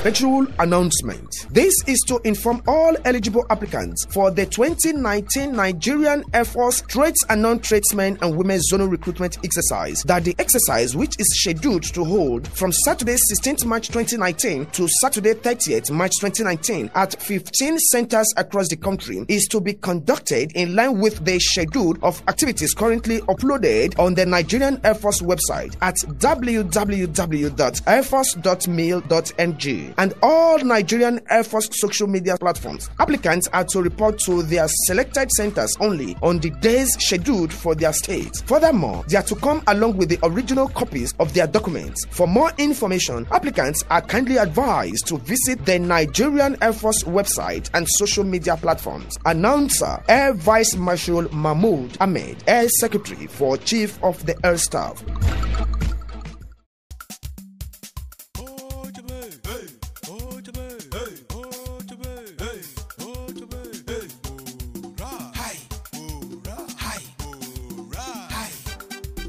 Special announcement. This is to inform all eligible applicants for the 2019 Nigerian Air Force Trades and Non-Tradesmen and Women Zonal Recruitment Exercise that the exercise, which is scheduled to hold from Saturday 16th March 2019 to Saturday 30th March 2019 at 15 centers across the country, is to be conducted in line with the schedule of activities currently uploaded on the Nigerian Air Force website at www.airforce.mil.ng and all Nigerian Air Force social media platforms. Applicants are to report to their selected centers only on the days scheduled for their states. Furthermore, they are to come along with the original copies of their documents. For more information, applicants are kindly advised to visit the Nigerian Air Force website and social media platforms. Announcer Air Vice Marshal Mahmoud Ahmed, Air Secretary for Chief of the Air Staff.